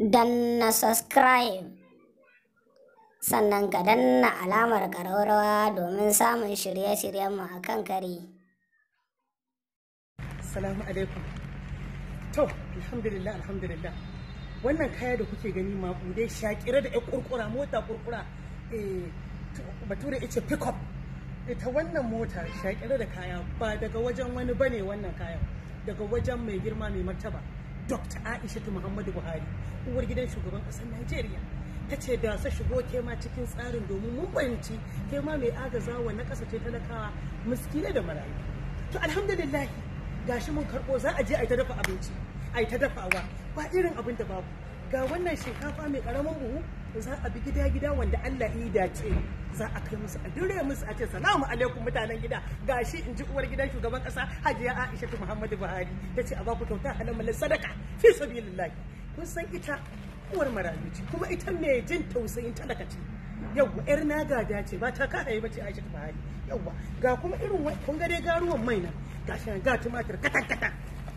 na subscribe sannan ka danna alamar ƙararrawa domin samun shirye-shiryenmu a kan kare. Salamu alaikum. To, alhamdulillah, alhamdulillah. Wannan kaya da kuke gani maƙudai shakira da ‘yan kurkura mota kurkura eh, bature pick-up. Ita wannan mota shakira da kaya ba daga wajen wani bane wannan kayan daga wajen mai girma mai martaba. Dr. Aisha Muhammadu Buhari uwar gidan shugaban ƙasar Najeriya ta ce da sa shigo ma cikin tsarin domin mun fahimci ma mai agazawa na kasa ce talakawa muskila da marayu to alhamdulillah shi mun karɓo za a je a ta dafa abinci a ta dafawa ba irin abin da babu ga wannan shinkafa mai ƙaramin buhu za a bi gida gida wanda Allah yi dace za a kai musu a dure musu a ce salamu alaikum mutanen gida gashi in ji uwar gidan shugaban kasa Hajiya Aisha Muhammadu Buhari ta ce a ba ku kyauta halal sadaka fi sabilillahi kun san ita uwar marayu ce kuma ita mai jin tausayin talaka ce yawwa yar na gada ce ba ta kada yi ce Aisha Buhari yawwa ga kuma irin kun ga dai garuwan mai nan gashi ga tumatir katan katan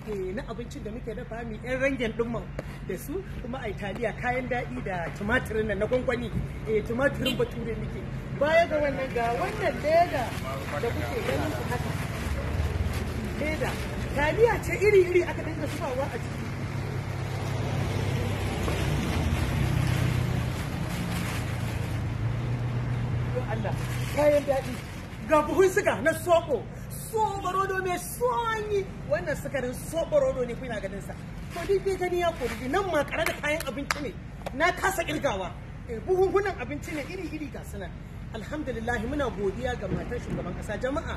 Eh, na abincin da muke dafa mu yan rangen ɗumman da su kuma a italiya kayan daɗi da tumatirin nan na gwangwani eh tumatirin bature muke baya ga wannan ga wannan leda da kuke ganin su haka leda taliya ce iri-iri aka dinga zubawa a ciki Allah kayan daɗi ga buhun siga na soko soborodo mai sonyi wannan sukarin soborodo ne kuna ganin sa to duk bai gani ya kori nan ma da kayan abinci ne na kasa kirgawa eh, buhunhunan abinci ne iri iri ga suna alhamdulillah muna godiya ga matan shugaban kasa jama'a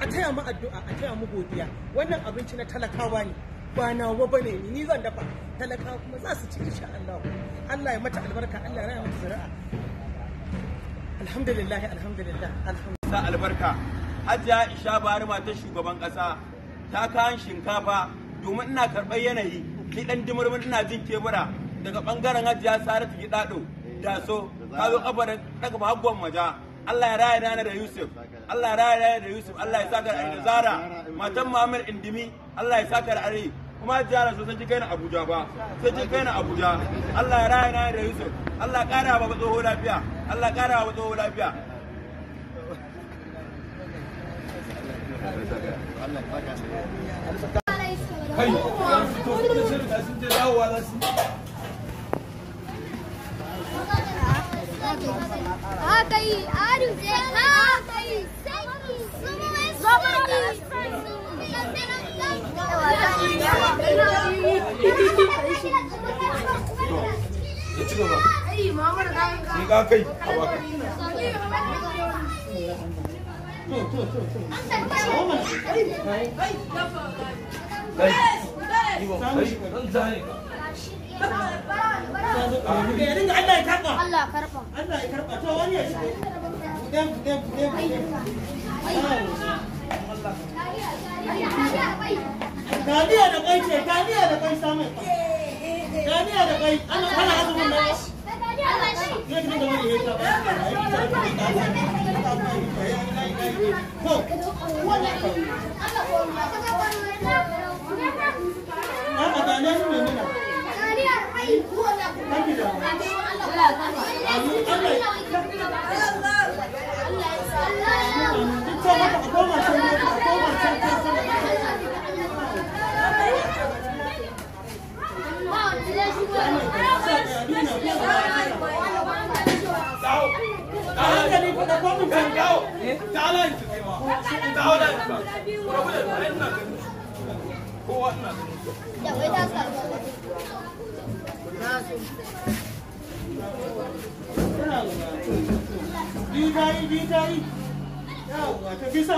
a taya mu addu'a a taya mu godiya wannan abinci na talakawa ne ba nawa bane ni ni zan dafa talakawa kuma za su ci insha Allah Allah ya mata albarka Allah ya raya mata zuri'a alhamdulillah alhamdulillah alhamdulillah albarka hajiya isha bari ta shugaban ƙasa ta kayan shinkafa domin ina karɓar yanayi ni ɗan dimurmin ina jin kebura daga ɓangaren hajiya saratu da so ka zo ƙafa daga mahabban maja Allah ya raya nana da Yusuf Allah ya raya nana da Yusuf Allah ya saka da Zara matan Muhammad Indimi Allah ya saka da Ari kuma Hajiya Rasu sai kai na Abuja ba sai ji kai na Abuja Allah ya raya nana da Yusuf Allah ya ƙara wa tsoho lafiya Allah ya ƙara wa tsoho lafiya Ai, sun je dawowa za su a kai aru je ka kai sai su mai so a Allah ya karba. ya Allah Không, ko mun kan dawo ta ala ba rabu da ba ina ganin da sa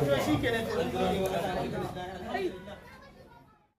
shi kenan